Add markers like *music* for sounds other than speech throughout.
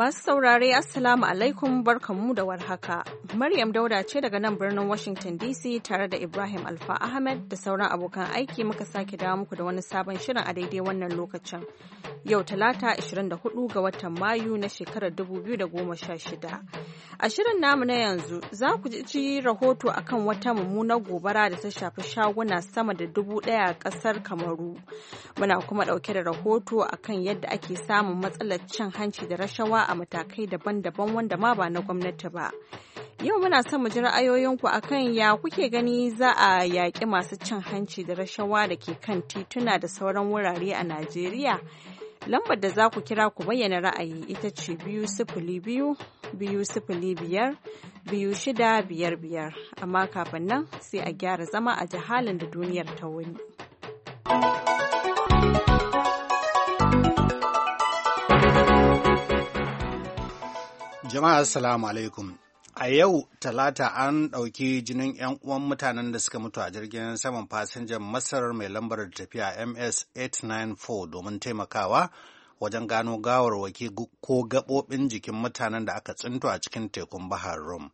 Masu saurare Assalamu alaikum barkanmu da warhaka. Maryam Dauda ce daga nan birnin Washington DC tare da Ibrahim Alfa Ahmed da sauran abokan aiki muka sake dawo muku da wani sabon shirin a daidai wannan lokacin. Yau Talata 24 ga watan Mayu na shekarar 2016. A shirin namu na yanzu za ku ji rahoto akan wata mummunar gobara da ta shafi shaguna sama da dubu ɗaya a ƙasar Kamaru. Muna kuma ɗauke da rahoto akan yadda ake samun matsalar cin hanci da rashawa a matakai daban-daban wanda ma ba na gwamnati ba. Yau muna son mu ji ra'ayoyinku akan ya kuke gani za a yaƙi masu cin hanci da rashawa da ke kan tituna da sauran wurare a Najeriya. Lambar da za ku kira ku bayyana ra'ayi ita ce biyu sifili biyu biyu sifili biyar biyu shida biyar biyar amma kafin nan sai a gyara zama a jihalin da duniyar ta wuni. Jama'a Assalamu alaikum. A yau Talata an ɗauki jinin 'yan uwan mutanen da suka mutu a jirgin saman fasinjan Masar mai lambar tafiya MS-894 domin taimakawa wajen gano gawarwaki ko gaɓoɓin jikin mutanen da aka tsinto a cikin tekun Bahar Rum.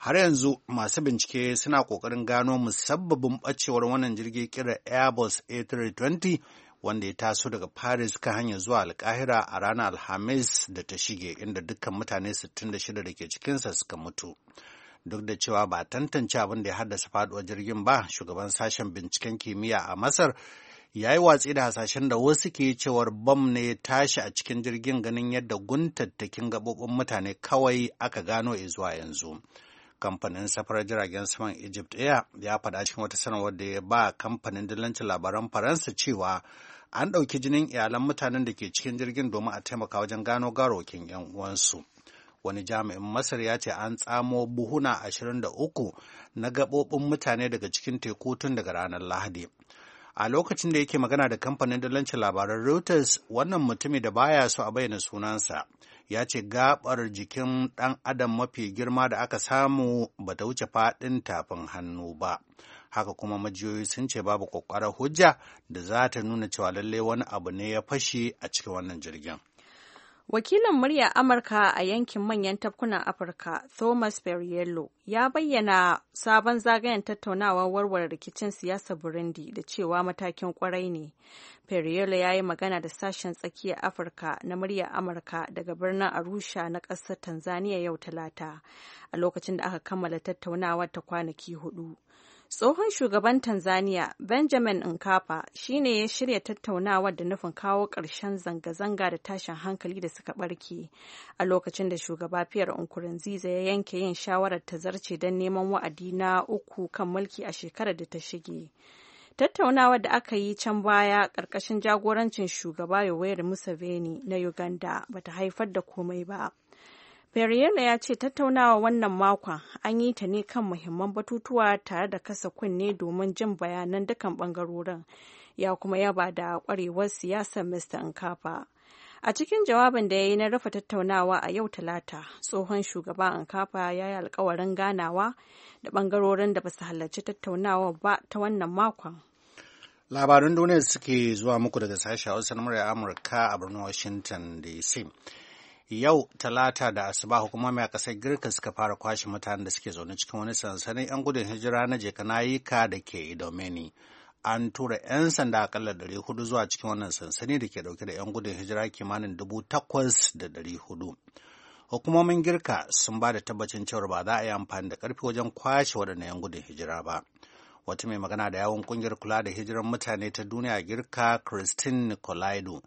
Har yanzu masu bincike suna ƙoƙarin gano musabbabin ɓacewar wannan jirgin kira Airbus A320 wanda ya taso daga Paris kan hanyar zuwa Alkahira a ranar Alhamis da ta shige inda dukkan mutane 66 da ke cikinsa suka mutu. Duk da cewa ba tantance abin da ya haddasa faduwar jirgin ba, shugaban sashen binciken kimiyya a Masar ya yi watsi da hasashen da wasu ke cewar bam ne ya tashi a cikin jirgin ganin yadda guntattakin gaɓoɓin mutane kawai aka gano zuwa yanzu. kamfanin safarar jiragen saman Egypt Air ya faɗa cikin wata sanarwar da ya ba kamfanin dillancin labaran Faransa cewa an ɗauki jinin iyalan mutanen da ke cikin jirgin domin a taimaka wajen gano garokin 'yan uwansu. Wani jami'in Masar ya ce an tsamo buhuna 23 na gaɓoɓin mutane daga cikin teku tun daga ranar Lahadi. A lokacin da yake magana da kamfanin dalancin labaran Reuters, wannan mutumi da baya so a bayyana sunansa ya ce gaɓar jikin ɗan adam mafi girma da aka samu bata wuce faɗin tafin hannu ba. haka kuma majiyoyi sun ce babu kwakwarar hujja da za ta nuna cewa lallai wani abu ne ya fashe a cikin wannan jirgin. Wakilin murya Amurka a yankin manyan tafkunan Afirka, Thomas Perriello, ya bayyana sabon zagayen tattaunawar warware rikicin siyasar Burundi da cewa matakin kwarai ne. Perriello ya yi magana da sashen tsakiyar Afirka na murya Amurka daga birnin Arusha na ƙasar Tanzania yau Talata, a lokacin da aka kammala tattaunawar ta kwanaki hudu. Tsohon shugaban Tanzania Benjamin Nkapa shi ne ya shirya tattaunawa da nufin kawo ƙarshen zanga-zanga da tashin hankali da suka ɓarke a lokacin da shugaba Pierre Nkurunziza ya yanke yin shawarar ta zarce don neman wa'adi na uku kan mulki a shekarar da ta shige. Tattaunawa da aka yi can baya ƙarƙashin jagorancin shugaba Yoweri Museveni na Uganda bata haifar da komai ba. Beriyela ya ce tattaunawa wannan makon an yi ta ne kan muhimman batutuwa tare da kasa kunne domin jin bayanan dukkan bangarorin ya kuma yaba da kwarewar siyasar Mr. Nkafa. A cikin jawabin da ya yi na rufe tattaunawa a yau Talata, tsohon shugaba nkafa ya yi alkawarin ganawa da bangarorin da ba su halarci tattaunawa ba ta wannan makon. Labarin duniya suke zuwa muku daga sashen Hausa na Amurka a birnin Washington DC. yau talata da asuba hukumomi a kasar girka suka fara kwashe mutanen da suke zaune cikin wani sansanin 'yan gudun hijira na jekanayika da ke idomeni an tura 'yan sanda akalla 400 zuwa cikin wannan sansani da ke dauke da 'yan gudun hijira kimanin 8,400 hukumomin girka sun ba da tabbacin cewar ba za a yi amfani da karfi wajen kwashe waɗannan 'yan gudun hijira ba wata mai magana da yawon kungiyar kula da hijiran mutane ta duniya girka christine nicolaidu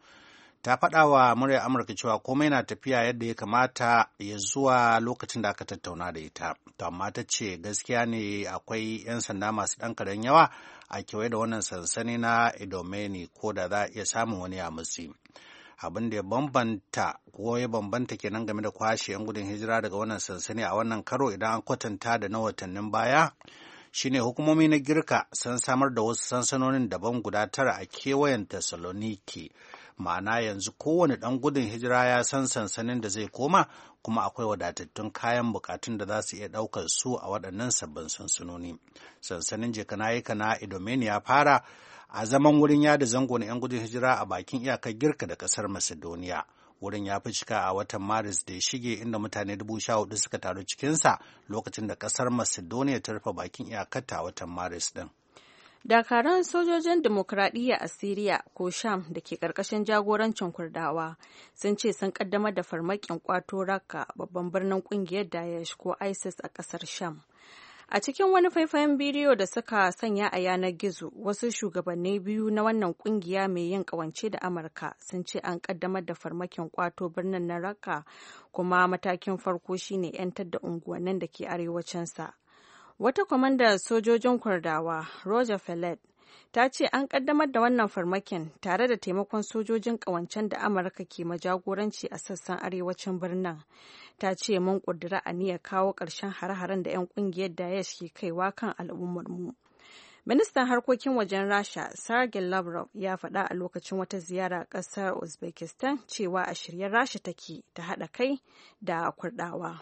ta faɗa wa muryar amurka cewa komai na tafiya yadda ya kamata ya zuwa lokacin da aka tattauna da ita to amma ta ce gaskiya ne akwai 'yan sanda masu ɗan karen yawa a kewaye da wannan sansani na idomeni ko da za a iya samun wani a mutsi abin da ya bambanta ko ya bambanta kenan game da kwashe 'yan gudun hijira daga wannan sansani a wannan karo idan an kwatanta da na watannin baya shine hukumomi na girka sun samar da wasu sansanonin daban guda tara a kewayen Thessaloniki ma'ana yanzu kowane ɗan gudun hijira ya san sansanin da zai koma kuma akwai wadatattun kayan bukatun da za su iya ɗaukar su a waɗannan sabbin sansanoni sansanin jekanayi na idomeni ya fara a zaman wurin yada zango na 'yan gudun hijira a bakin iyakar girka da ƙasar macedonia wurin ya fi cika a watan maris da ya shige inda mutane dubu sha hudu suka taru cikinsa lokacin da ƙasar macedonia ta rufe bakin iyakar a watan maris din. Dakaran sojojin demokradiyya a Siriya ko Sham da ke ƙarƙashin jagorancin Kurdawa sun ce sun ƙaddamar da farmakin kwato Raqqa babban birnin ƙungiyar Daesh ko ISIS a ƙasar Sham. A cikin wani faifayen bidiyo da suka sanya a yanar gizo, wasu shugabanni biyu na wannan kungiya mai yin kawance da Amurka sun ce an ƙaddamar da farmakin kwato birnin na Raqqa kuma matakin farko shine 'yantar da unguwannin da ke arewacinsa. Wata kwamanda sojojin Kurdawa, Roger Fellet, ta ce an kaddamar da wannan farmakin tare da taimakon sojojin kawancen da amurka ke majagoranci a sassan arewacin birnin ta ce mun kudura aniyar kawo ƙarshen hare-haren da 'yan ƙungiyar daesh ke kaiwa kan al'ummar mu ministan harkokin wajen rasha sergei lavrov ya faɗa a lokacin wata ziyara a ƙasar uzbekistan cewa a shirye rasha take ta haɗa kai da kurɗawa.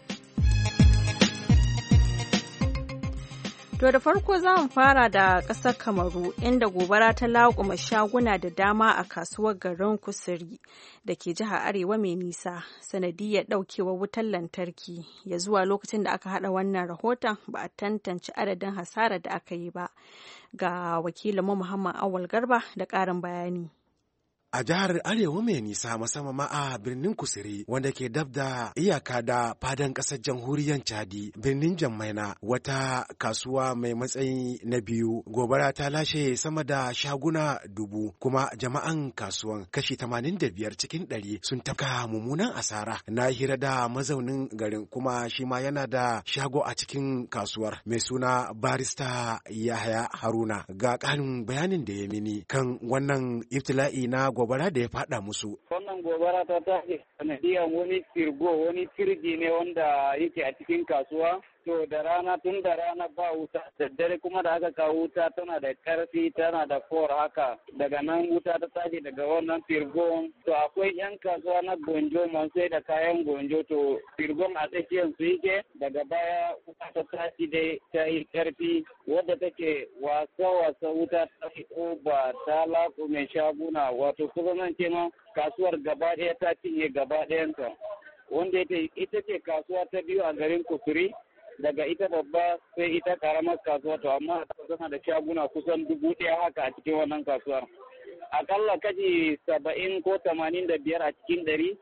To da farko za mu fara da ƙasar Kamaru inda gobara ta laƙuma shaguna da dama a kasuwar garin Kusuri da ke jihar Arewa mai nisa sanadiyar ɗaukewar wutar lantarki ya zuwa lokacin da aka haɗa wannan rahoton ba a tantance adadin hasara da aka yi ba. Ga wakilin Muhammad Awal Garba da ƙarin bayani. a jihar Arewa mai nisa musamman ma a birnin Kusiri wanda ke dab da iyaka da fadan ƙasar jamhuriyar Chadi birnin Jammaina wata kasuwa mai matsayi na biyu gobara ta lashe sama da shaguna dubu kuma jama'an kasuwan kashi tamanin da biyar cikin 100 sun tafka mummunan asara na hira da mazaunin garin kuma shi ma yana da shago a cikin kasuwar mai suna barista Yahaya Haruna ga ƙarin bayanin da ya mini kan wannan iftila'i na gobara da ya fada musu. wannan gobara ta tashi sanadiyan wani firgo wani firgi ne wanda yake a cikin kasuwa to da rana tun da rana ba wuta daddare kuma da aka kawo wuta tana da karfi tana da for haka daga nan wuta ta tashi daga wannan firgon to akwai yan kasuwa na gonjo sai da kayan gonjo to firgon a tsakiyar su yake daga baya wuta ta tashi dai ta yi karfi wadda take wasa wasa wuta ta fito ba ta laƙume shaguna wato kusan ce ma kasuwar gaba ɗaya ta cinye gaba ɗayanta wanda ita ce kasuwa ta biyu a garin kusuri daga ita babba sai ita karamar kasuwa to amma tana da shaguna kusan dubu ɗaya haka a cikin wannan kasuwar akalla kaji saba'in ko tamanin da biyar a cikin ɗari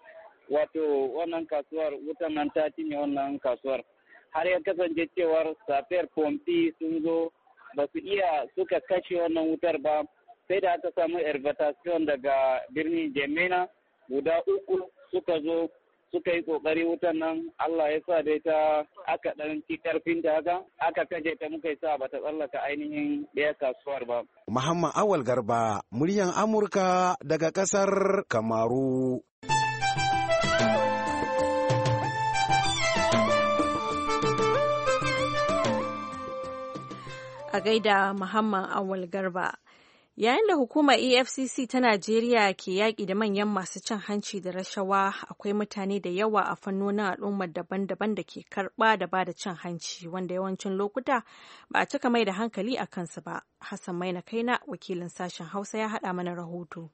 wato wannan kasuwar wutan nan ta cinye wannan kasuwar har ya kasance cewar safiyar pompi sun zo ba su iya suka kashe wannan wutar ba sai da aka samu advertisement daga birnin Jemena guda uku suka zo suka yi kokari wutan nan Allah ya sa dai ta aka dan ci karfin da haka aka kaje ta muka sa bata tsallaka ainihin ɗaya kasuwar ba. Muhammad Awal Garba muryan Amurka daga kasar Kamaru. A gaida Muhammad Awal Garba. Yayin da hukumar EFCC ta Najeriya ke yaƙi da manyan masu cin hanci da rashawa akwai mutane da yawa a fannonin al'ummar daban-daban da ke karɓa da ba da cin hanci wanda yawancin lokuta ba a cika mai da hankali a kansu ba. Hassan Maina Kaina wakilin sashen Hausa ya haɗa mana rahoto.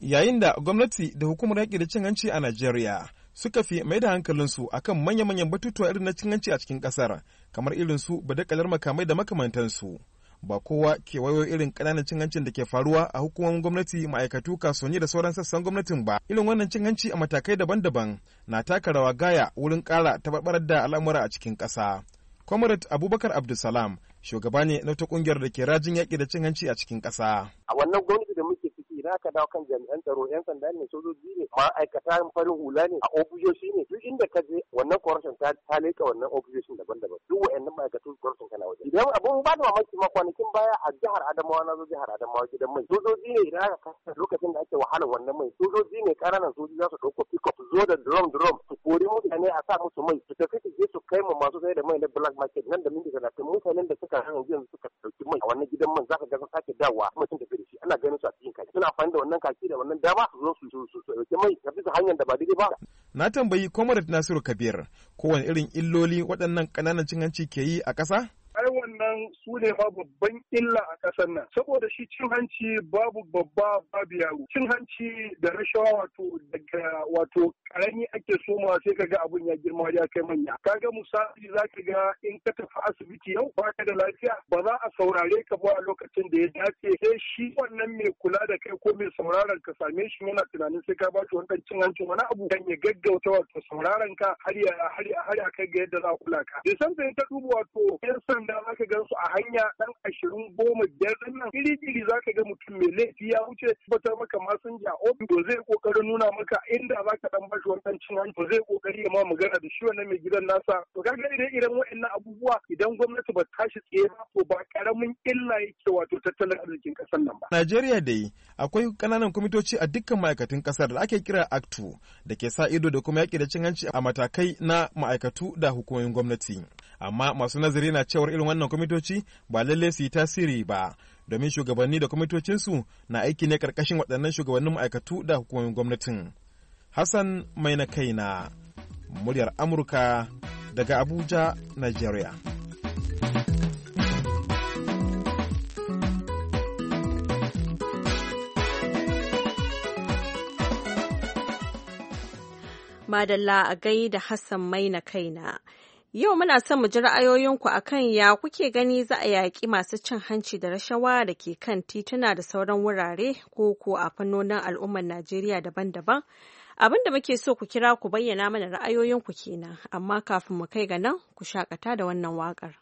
Yayin da gwamnati da hukumar yaƙi da cin hanci a Najeriya suka fi mai da hankalinsu akan manya-manyan batutuwa irin na cin hanci a cikin ƙasar kamar irin su badakalar makamai da makamantansu. ba kowa ke wayo irin ƙananan cin hanci da ke faruwa a hukumomin gwamnati ma'aikatu kasuwanni da sauran sassan gwamnatin ba irin wannan cin hanci a matakai daban-daban na taka rawa gaya wurin ƙara tabarbarar da al'amura a cikin ƙasa comrade abubakar abdulsalam shugaba ne na wata ƙungiyar da ke rajin yaƙi da cin hanci a cikin ƙasa a wannan gwamnati da muke ina ka dawo kan jami'an tsaro yan sanda ne sojoji ne ma'aikata farin hula ne a ofisoshi ne duk inda ka je wannan corruption ta ta leka wannan ofisoshin daban-daban duk wa'annan ma'aikatu corruption kana waje idan abun ba da mamaki ma kwanakin baya a jihar Adamawa na zo jihar Adamawa gidan mai sojoji ne idan aka kasa lokacin da ake wahala wannan mai sojoji ne karanan sojoji za su dauko pick up zo da drum drum su kori mutane a sa musu mai su tafi su je su kai mu masu sai da mai na black market nan da minti da mutanen da suka hana yanzu suka dauki mai a wannan gidan man za ka ga sake dawowa mutum da shi ana ganin su a suna amfani da wannan kaki da wannan dama su zo su su su mai ka bisa hanyar da ba daidai ba. Na tambayi Comrade Nasiru Kabir kowane irin illoli waɗannan ƙananan cin hanci ke yi a ƙasa? nan su ne ma babban illa a ƙasar nan saboda shi cin hanci babu babba babu yaro cin hanci da rashawa wato daga wato karami ake soma sai kaga abun ya girma ya kai manya kaga misali zaka ga in ka tafi asibiti yau Ba ka da lafiya ba za a saurare ka ba a lokacin da ya dace sai eh, shi wannan mai kula da kai ko mai sauraron ka same shi yana tunanin sai ka ba shi wannan cin hancin wani abu kan ya gaggauta wato sauraron ka har ya har ya kai ga yadda za a kula ka da san ta duba wato yan sanda ka ga su a hanya dan ashirin goma biyar din nan iri-iri za ka ga mutum mai laifi ya wuce tabbatar maka masinja ofis to zai kokarin nuna maka inda za ka dan bashi wannan cin hanci to zai kokari ya ma magana da shi wannan mai gidan nasa to kaga idan irin waɗannan abubuwa idan gwamnati ba tashi tsaye ba to ba karamin illa yake wato tattalin arzikin kasar nan ba. Najeriya dai akwai kananan kwamitoci a dukkan ma'aikatan kasar da ake kira ACTU da ke sa ido da kuma yaƙi da cin hanci a matakai na ma'aikatu da hukumomin gwamnati. amma masu nazari na cewar irin wannan kwamitoci ba lalle su yi tasiri ba domin shugabanni da kwamitocinsu na aiki ne karkashin waɗannan shugabannin ma'aikatu da hukumomin gwamnatin hassan mai na kaina muryar amurka daga abuja nigeria madalla a gaida hassan mai na kaina Yau muna son mu ji ra'ayoyinku a kan ya kuke gani za a yaƙi masu cin hanci da rashawa da ke kan tituna da sauran wurare ko ko a fannonin al'ummar Najeriya daban-daban. Abin da muke so ku kira ku bayyana mana ra'ayoyinku kenan, amma kafin mu kai ga nan ku shaƙata da wannan waƙar.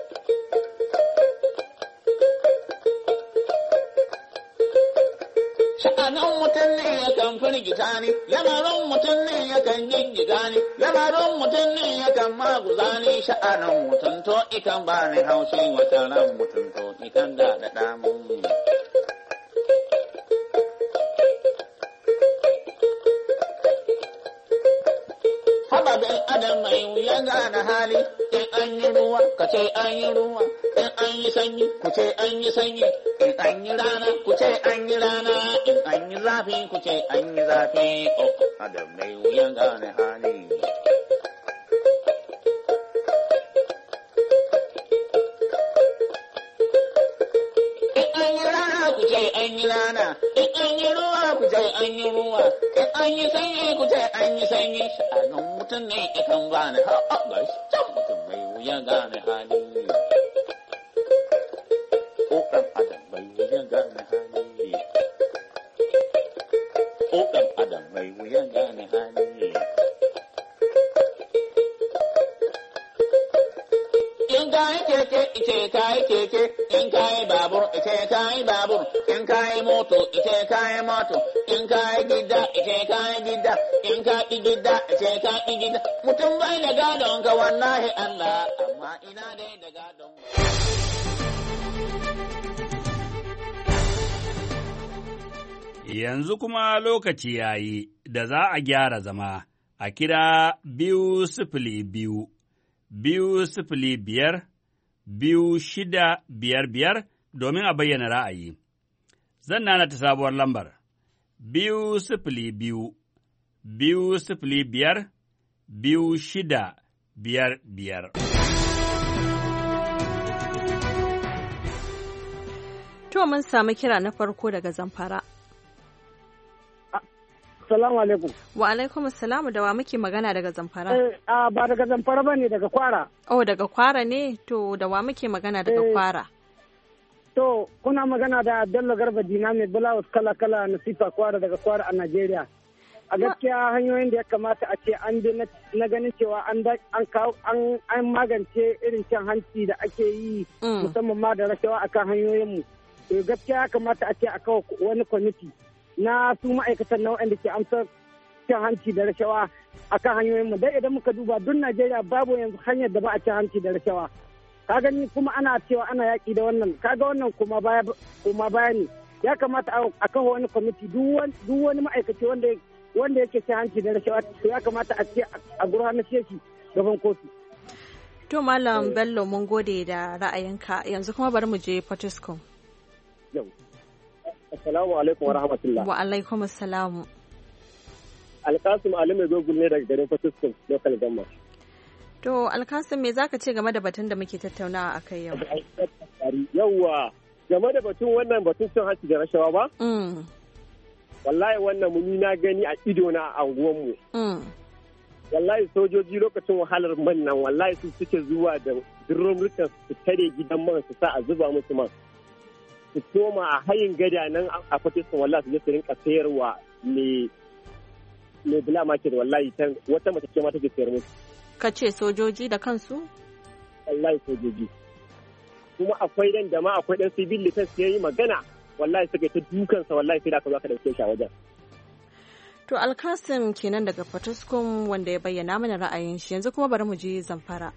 sha'anin mutum ne yakan firgita ne lamarin mutum ne yakan gingiga ne lamarin mutum ne yakan maguza ne sha'anin mutum to ikan ba ni haushi wata ran mutum to ikan da da damun da mai wuya gane hali in an yi ruwa ka ce an yi ruwa in an yi sanyi ku ce an yi sanyi in an yi rana ku ce an yi rana in an yi zafi ku ce an yi zafi oh da mai wuya gane hali in an yi rana ku ce an yi rana ce an yi ruwa, in an yi sanyi ku ce an yi sanyi. Sha'anin mutum ne ikan ga shi can mutum mai wuya gane adam mai wuya gane adam mai wuya gane in kayi keke kayi keke in kayi babur ice kayi babur in kayi moto ice kayi moto in ka gida gida in gida gida mutum bai da gadon ka wallahi Allah amma ina dai da gadon Yanzu kuma lokaci ya yi da za a gyara zama a kira biyu sifili biyu, biyu sifili biyar, biyu shida biyar biyar domin a bayyana ra'ayi. Zan nana ta sabuwar lambar. biyu sifili biyu, biyu sifili biyar, biyu shida biyar biyar. To mun sami kira na farko daga Zamfara. Salamu alaikum. Wa alaikum salamu da wa muke magana daga Zamfara. Eh, a ba daga Zamfara ba ne daga Kwara. Oh daga Kwara ne to da wa muke magana daga eh, Kwara. To, kuna magana da Bello Garba Dina mai bulawus kala-kala na sifa kwara daga kwara a Najeriya. A gaskiya hanyoyin da ya kamata a ce an bi na ganin cewa an magance irin cin hanci da ake yi mm. musamman ma da rashawa hanyoyin hanyoyinmu. To gaskiya ya kamata a ce a kawo wani kwamiti na su ma'aikatan na da ke amsa cin hanci da rashawa akan hanyoyinmu. Dai idan muka duba duk Najeriya babu yanzu hanyar da ba a cin hanci da rashawa. ka gani kuma ana cewa ana yaƙi da wannan kaga wannan kuma baya kuma baya ne ya kamata a kawo wani kwamiti duk wani ma'aikaci wanda wanda yake cin hanci da rashawa to ya kamata a ce a na shi gaban kotu to malam bello mun gode da ra'ayinka yanzu kuma bari mu je fortiscom assalamu alaikum wa rahmatullah wa alaikum assalam alkasim ali mai gogul ne daga garin fortiscom local government To alƙasar me zaka ce game da batun da muke tattaunawa a kai yau? Yauwa, game da batun wannan batun sun haci da rashawa ba? Mm. Wallahi wannan muni na gani a ido na a anguwanmu. Mm. Wallahi sojoji lokacin wahalar man nan wallahi su suke zuwa da durumrukan su tare gidan man su sa a zuba musu man. Su soma a hayin gada nan a fatisun wallahi su je su rinka sayarwa ne. mai bula market wallahi wata mace ce ma take sayar musu. Ka ce sojoji da kansu? Wallahi sojoji. Kuma akwai dan da ma akwai dan civil defense ya yi magana wallahi suka ta dukan sa wallahi sai da aka zaka aka dauke shi a wajen. To Alkasim kenan daga Fatuskum wanda ya bayyana mana ra'ayin shi yanzu kuma bari mu je Zamfara.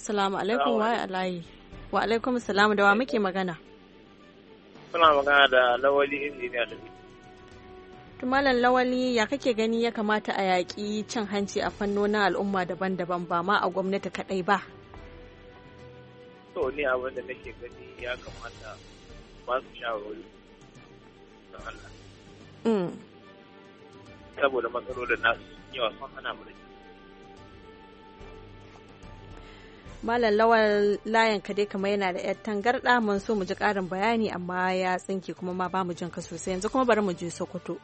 Salamu alaikum wa alayi. Wa alaikum salamu da wa muke magana? Suna magana da lawali injiniya da Malam Lawali ya kake gani ya kamata a yaƙi cin hanci a fannonin al'umma daban-daban ba ma a gwamnati kaɗai ba. To ne abin da nake gani ya kamata ba su sha wuri da Allah. Mm. Saboda matsalolin nasu yawa sun hana mu da Malam Lawal layan ka dai kama yana da 'yar tangarɗa mun so mu ji ƙarin bayani amma ya tsinke kuma ma ba mu jinka sosai yanzu kuma bari mu je Sokoto.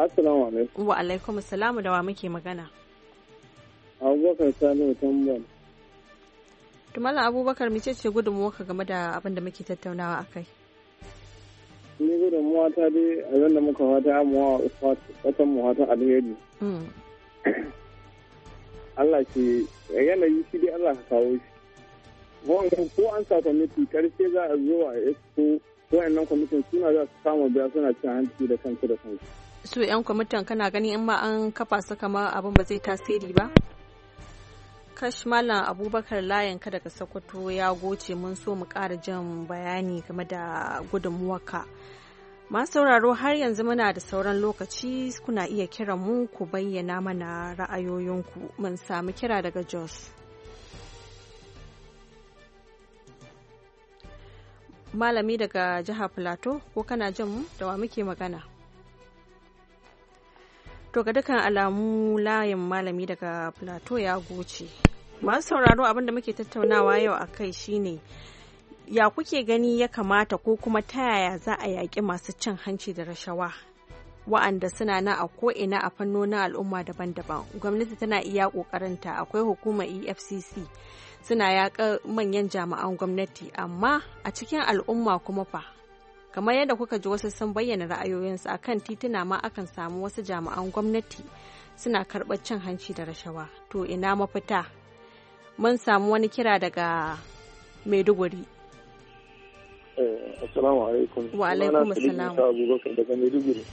Assalamu alaikum. Wa alaikum assalamu da wa muke magana. Abubakar Salihu Tambal. Tumala Abubakar mice ce gudunmuwarka game da abin da muke tattaunawa a kai. Ni gudunmuwa ta dai abin da muka fata amuwa watan muwa ta alheri. Hmm. *coughs* Allah ke yanayi shi dai Allah ka kawo shi. Ko an sa kwamiti karshe za a zo a expo wa'annan kwamitin suna za su kama biya suna cin hanci da kansu da kansu. su 'yan kwamitin kana gani in ma an kafa su kamar abin ba zai tasiri ba kash malam abubakar ka daga sokoto ya goce mun so mu ƙara jin bayani game da gudunmuwaka masu sauraro har yanzu muna da sauran lokaci kuna iya kiran mu ku bayyana mana ra'ayoyinku mun sami kira daga jos malami daga jihar plateau ko kana jin mu da wa muke magana to ga dukkan alamu layin malami daga plateau ya goce masu sauraro abinda muke tattaunawa yau a kai shine ya kuke gani ya kamata ko kuma ta yaya za a yaƙi masu cin hanci da rashawa wa'anda suna na a ko'ina a fannonin al'umma daban-daban gwamnati tana iya ƙoƙarinta akwai hukumar efcc suna yaƙa manyan jami'an gwamnati amma a cikin al'umma kuma fa kamar yadda kuka ji wasu sun bayyana ra'ayoyinsu akan tituna ma akan samu wasu jami'an gwamnati suna karɓar cin hanci da rashawa to ina mafita mun samu wani kira daga maiduguri tumala eh, abubakar daga maiduguri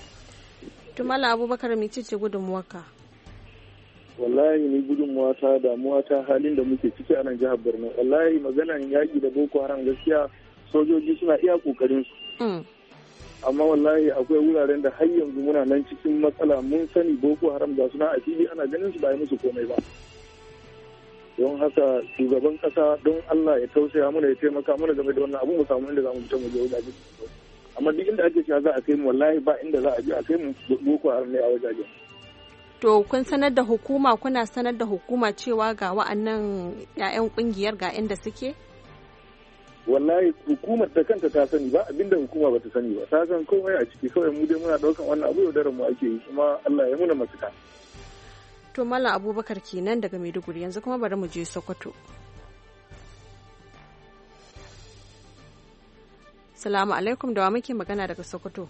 tumala gudunmuwarka wallahi ni gudunmuwa ta damuwa ta halin da muke ciki a nan jihar borno wallahi maganan yaƙi da boko haram gaskiya sojoji suna iya ƙoƙarin su Mm. amma wallahi akwai wuraren da har yanzu muna nan cikin matsala mun sani boko haram ga suna a fili ana ganin su ba musu komai ba don haka shugaban kasa don Allah ya tausaya mana ya taimaka mana game da wannan abu mu samu inda za mu fita mu je wajaje amma duk inda ake cewa za a kai mu wallahi ba inda za a je a kai mu boko haram ne a wajaje to kun sanar da hukuma kuna sanar da hukuma cewa ga wa'annan 'ya'yan kungiyar ga inda suke wallahi hukumar ta kanta ta sani ba abinda hukuma bata sani ba ta san komai a ciki kawai mu dai muna daukan wannan abu yaudarar mu ake yi kuma Allah ya muna mafita to mallam abubakar kenan daga maiduguri yanzu kuma bari mu je sokoto salamu alaikum da wa muke magana daga sokoto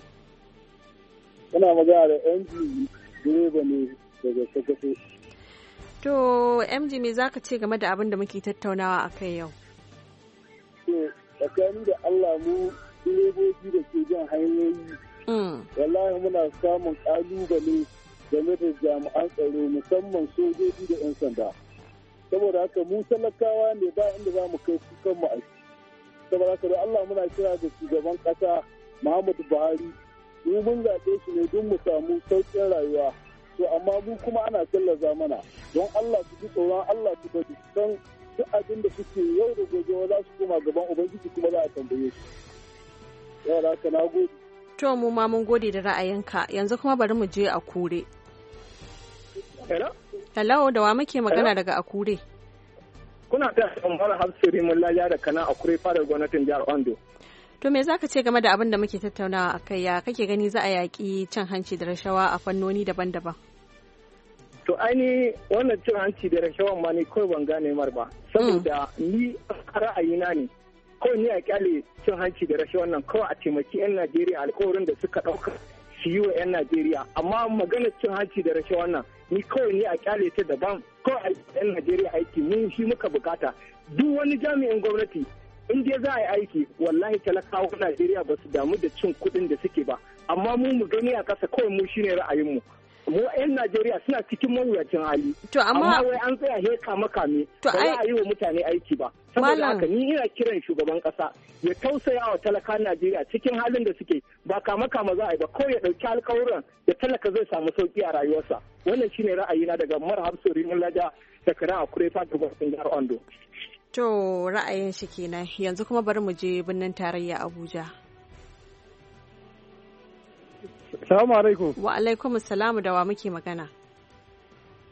ina magana da mg direba ne daga sokoto to mg me zaka ce game da abin da muke tattaunawa akai yau tsakani da Allah mu direbobi da ke jan hanyoyi mm. wallahi muna samun kalubale game da jami'an tsaro musamman sojoji da 'yan sanda saboda haka mu talakawa ne ba inda za mu kai kan mu saboda haka da Allah muna kira da shugaban kasa Muhammadu Buhari mu zaɓe shi ne don mu samu sauƙin rayuwa to amma mu kuma ana tallaza mana don Allah su ji tsoron Allah su bari san duk abin da suke yau da gobe za su koma gaban ubangiji kuma za a tambaye su yara ka na gode to mu ma mun gode da ra'ayinka yanzu kuma bari mu je a kure hello hello da wa muke magana daga akure kuna ta umar hafsiri mullaja da kana akure fadar gwamnatin jihar ondo To me zaka ce game da abin da muke tattaunawa a kai ya kake gani za a yaƙi cin hanci da rashawa a fannoni daban-daban? to aini wannan cin hanci da rashawan ma ne kawai ban gane mar ba saboda ni ra'ayina ne kawai ni a kyale cin hanci da rashawan nan kawai a taimaki 'yan najeriya alkawarin da suka ɗauka su yi wa 'yan najeriya amma maganar cin hanci da rashawan nan ni kawai ni a kyale ta daban kawai a 'yan najeriya aiki mun shi muka bukata duk wani jami'in gwamnati in dai za a yi aiki wallahi talakawa najeriya ba su damu da cin kuɗin da suke ba amma mu mu gani a ƙasa kawai mu shine mu. mu 'yan Najeriya suna cikin mawuyacin hali. To amma wai an tsaya he kama kame ba za a yi wa mutane aiki ba. Saboda haka ni ina kiran shugaban kasa ya tausaya wa talaka Najeriya cikin halin da suke ba kama kama za a yi ba ko ya ɗauki alkawuran da talaka zai samu sauki a rayuwarsa. Wannan shine ra'ayina daga Marhab Sorin Laja da Kara Akure ta gabatin Jihar Ondo. To ra'ayin shi kenan yanzu kuma bari mu je birnin tarayya Abuja. Salamu alaikum. Wa alaikum salamu da wa muke magana.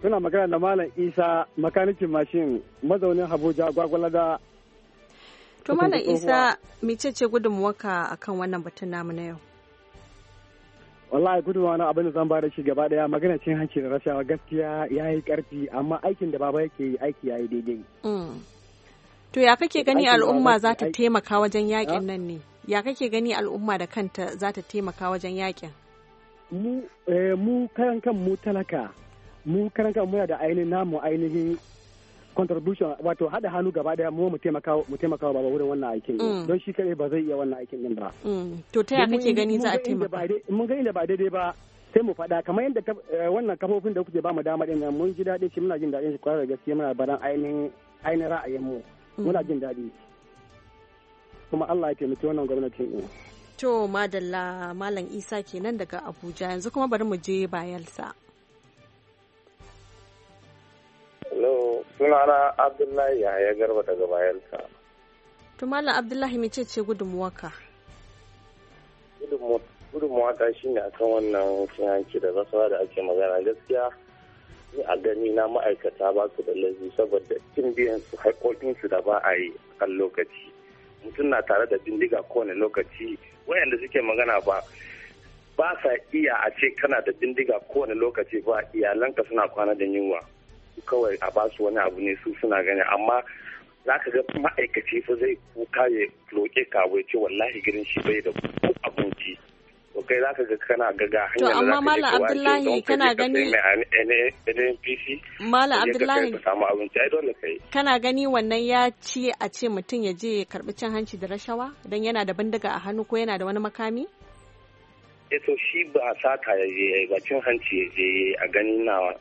Suna magana da Malam Isa makanikin mashin mazaunin Abuja gwagwalada. To Malam Isa mecece gudunmuwarka kan wannan batun namu na yau? wallahi gudunmawa na abin da zan ba da shi gaba daya magana cin hanci da rashawa gaskiya ya yi karfi amma aikin da baba yake yi aiki ya yi daidai. Mm. To ya kake gani al'umma za ta taimaka wajen yakin nan ne? Ya kake gani al'umma da kanta za ta taimaka wajen yakin? Eh, mu karan kan mu talaka mu karan kan muna da ainihin namu ainihin contribution wato hada hannu gaba daya mu mu taimaka mu taimaka baba wurin wannan aikin mm. don shi kare ba zai iya wannan aikin din ba mm. to ta ya kake gani za a taimaka mun ga inda ba daidai ba sai mu faɗa kamar yadda eh, wannan kafofin da kuke ba mu dama din mun ji daɗin shi muna jin daɗin shi kwarar gaskiya muna baran ainihin ainihin ra'ayin mu muna jin daɗi kuma Allah ya taimaki wannan gwamnatin din To madalla Malam Isa kenan daga Abuja yanzu kuma bari mu je bayansa. Hello, sunana Abdullahi Yahaya Garba daga bayansa. To Malam Abdullahi mece ce gudunmuwaka? Gudunmuwa ta shi ne akan wannan cin hanci da rasuwa da ake magana gaskiya ni a gani na ma'aikata ba su da laifi saboda cin biyan su haƙoƙinsu da ba a yi kan lokaci. mutum na tare da bindiga kowane lokaci wayanda suke magana ba ba sa iya a ce kana da bindiga kowane lokaci ba iyalanka suna kwana da yunwa kawai a ba su wani abu ne su suna gani amma za ka ga ma'aikaci fa zai kuka ya roƙe ka wai ce wallahi gidan shi bai da abu kai za ka ga kana gaga hanyar da za amma malam abdullahi kana gani NNPC malam abdullahi ka samu abinci ai dole kai kana gani wannan ya ci a ce mutum ya je ya karbi cin hanci da rashawa dan yana da bindiga a hannu ko yana da wani makami eh to shi ba sata ya je ba cin hanci ya je a gani nawa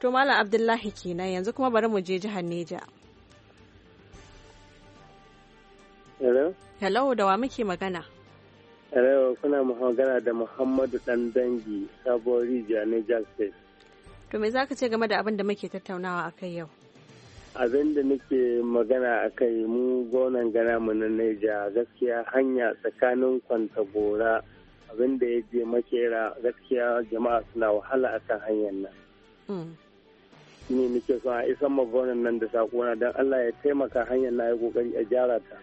to malam abdullahi kenan yanzu kuma bari mu je jihar Neja Hello? Hello, da wa muke magana? Hello, kuna magana da Muhammadu Dan Dangi, sabuwar rijiya Niger State. To me za ka ce game da abin da muke tattaunawa a kai yau? Abin da nake magana a kai mu gonan gana mu na neja gaskiya hanya tsakanin kwanta gora abin da ya je makera gaskiya jama'a suna wahala akan hanyar nan. Ni mm. nake so a isan ma gonan nan da sakona don Allah ya taimaka hanyar na ya kokari a gyara ta.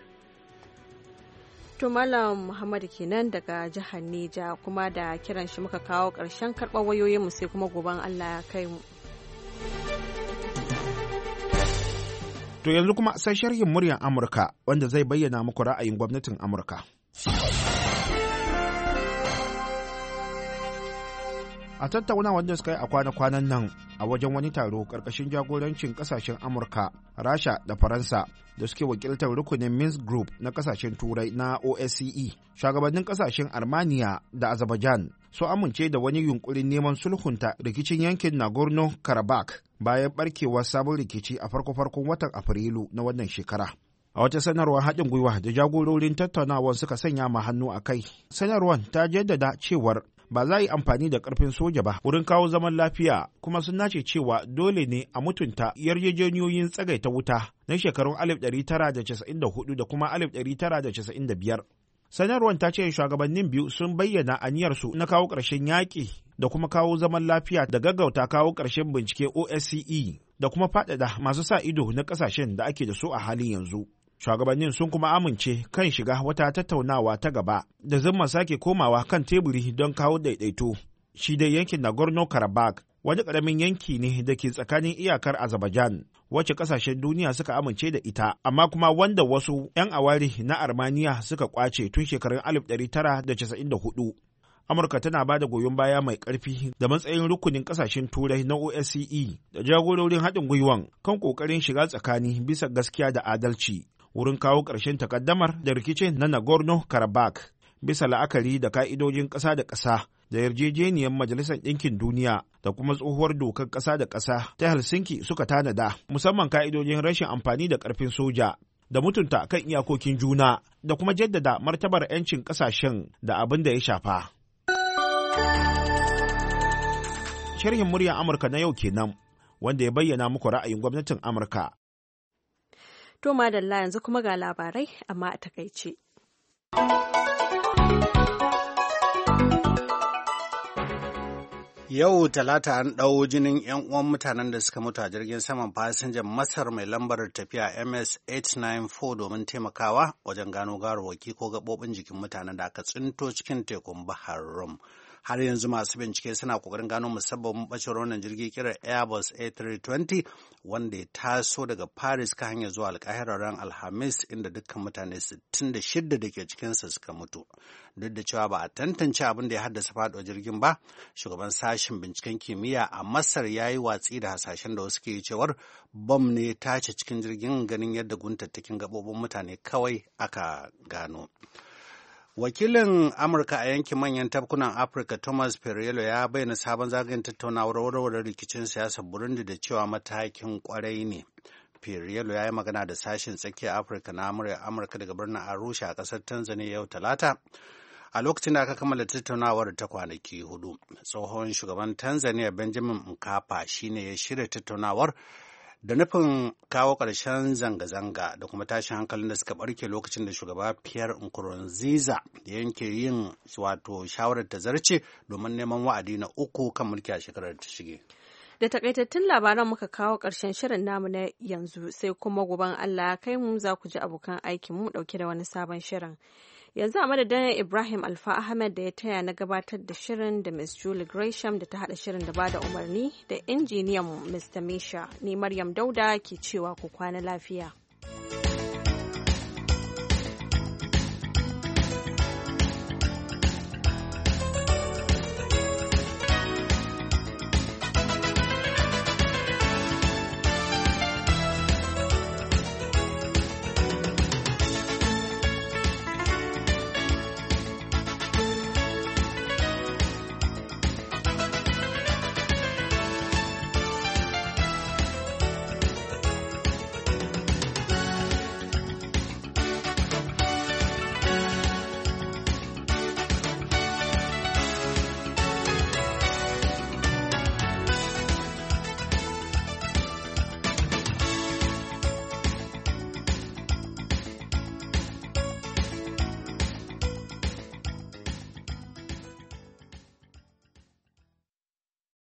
to malam muhammadu kenan daga jihar neja kuma da kiran shi muka kawo ƙarshen karɓar wayoyinmu sai kuma goban allah ya kai mu to yanzu kuma sai sharhin muryar amurka wanda zai bayyana muku ra'ayin gwamnatin amurka a tattauna wanda suka yi a kwana-kwanan nan a wajen wani taro ƙarƙashin jagorancin ƙasashen amurka rasha da faransa da suke wakiltar rukunin minsk group na ƙasashen turai na osce shagabannin ƙasashen armenia da azerbaijan su amince da wani yunkurin neman sulhunta rikicin yankin nagorno karabakh bayan barkewar sabon rikici a farko-farkon watan afrilu na wannan shekara a wata sanarwar haɗin gwiwa da jagororin tattaunawar suka sanya ma hannu a kai sanarwar ta jaddada cewar ba za a yi amfani da ƙarfin soja ba wurin kawo zaman lafiya kuma sun nace cewa dole ne a mutunta yarjejeniyoyin tsagaita wuta na shekarun 1994 da kuma 1995 sanarwar ta ce shugabannin biyu sun bayyana aniyarsu na kawo ƙarshen yaƙi da kuma kawo zaman lafiya da gaggauta kawo ƙarshen bincike osce da kuma faɗaɗa masu sa ido na ƙasashen da ake da su a halin yanzu. shugabannin sun kuma amince kan shiga wata tattaunawa ta gaba da zama sake komawa kan teburi don kawo daidaito shi dai yankin nagorno karabakh wani karamin yanki ne da ke tsakanin iyakar azerbaijan wacce ƙasashen duniya suka amince da ita amma kuma wanda wasu 'yan awari na armaniya suka kwace tun shekarun 1994 amurka tana ba da goyon baya mai karfi da matsayin rukunin ƙasashen turai na osce da jagororin haɗin gwiwan kan ƙoƙarin shiga tsakani bisa gaskiya da adalci wurin kawo ƙarshen takaddamar da rikice na Nagorno-Karabakh bisa la'akari da ka'idojin ƙasa da ƙasa da yarjejeniyar Majalisar Ɗinkin Duniya da kuma tsohuwar dokar ƙasa da ƙasa ta Helsinki suka tanada, musamman ka'idojin rashin amfani da ƙarfin soja da mutunta kan iyakokin juna da kuma jaddada martabar 'yancin ƙasashen da abin da ya shafa. Sharhin murya Amurka na yau kenan, wanda ya bayyana muku ra'ayin gwamnatin Amurka To madalla yanzu kuma ga labarai amma a takaice. Yau Talata an ɗau jinin 'yan uwan mutanen da suka mutu a jirgin saman fasinjan Masar mai lambar tafiya MS-894 domin taimakawa wajen gano waki ko gaɓoɓin jikin mutanen da aka tsinto cikin tekun Bahar Rum. har yanzu masu bincike suna kokarin gano musabbabin bacewar wannan jirgin kirar airbus a320 wanda ya taso daga paris ka hanyar zuwa alkahira ran alhamis inda dukkan mutane 66 da ke cikinsa suka mutu duk da cewa ba a tantance abin da ya haddasa fado jirgin ba shugaban sashen binciken kimiyya a masar ya yi watsi da hasashen da wasu ke cewar bom ne ya tace cikin jirgin ganin yadda guntattakin gabobin mutane kawai aka gano. Wakilin Amurka a yankin manyan tafkunan Afirka Thomas Perello ya bayyana sabon zagayen tattaunawar warware rikicin siyasar Burundi da cewa matakin kwarai ne. Perello ya yi magana da sashen tsakiyar Afirka na Amurka daga birnin Arusha a ƙasar Tanzania yau Talata. a lokacin da aka kammala tattaunawar ta kwanaki hudu tsohon shugaban tanzania benjamin mkapa shine ya shirya tattaunawar da nufin kawo ƙarshen zanga-zanga da kuma tashin hankalin da suka barke lokacin da shugaba Pierre Nkurunziza da yanke yin wato shawarar ta zarce domin neman wa'adi na uku kan mulki a shekarar ta shige. Da takaitattun labaran muka kawo ƙarshen shirin namu na yanzu sai kuma guban Allah kai mu za ku ji abokan aikin mu ɗauke da wani sabon shirin. yanzu a madadin ibrahim alfa ahmed da ya taya na gabatar da shirin da miss julie gresham da ta hada shirin da bada umarni da injiniyan mr misha ne maryam dauda ke cewa ku kwana lafiya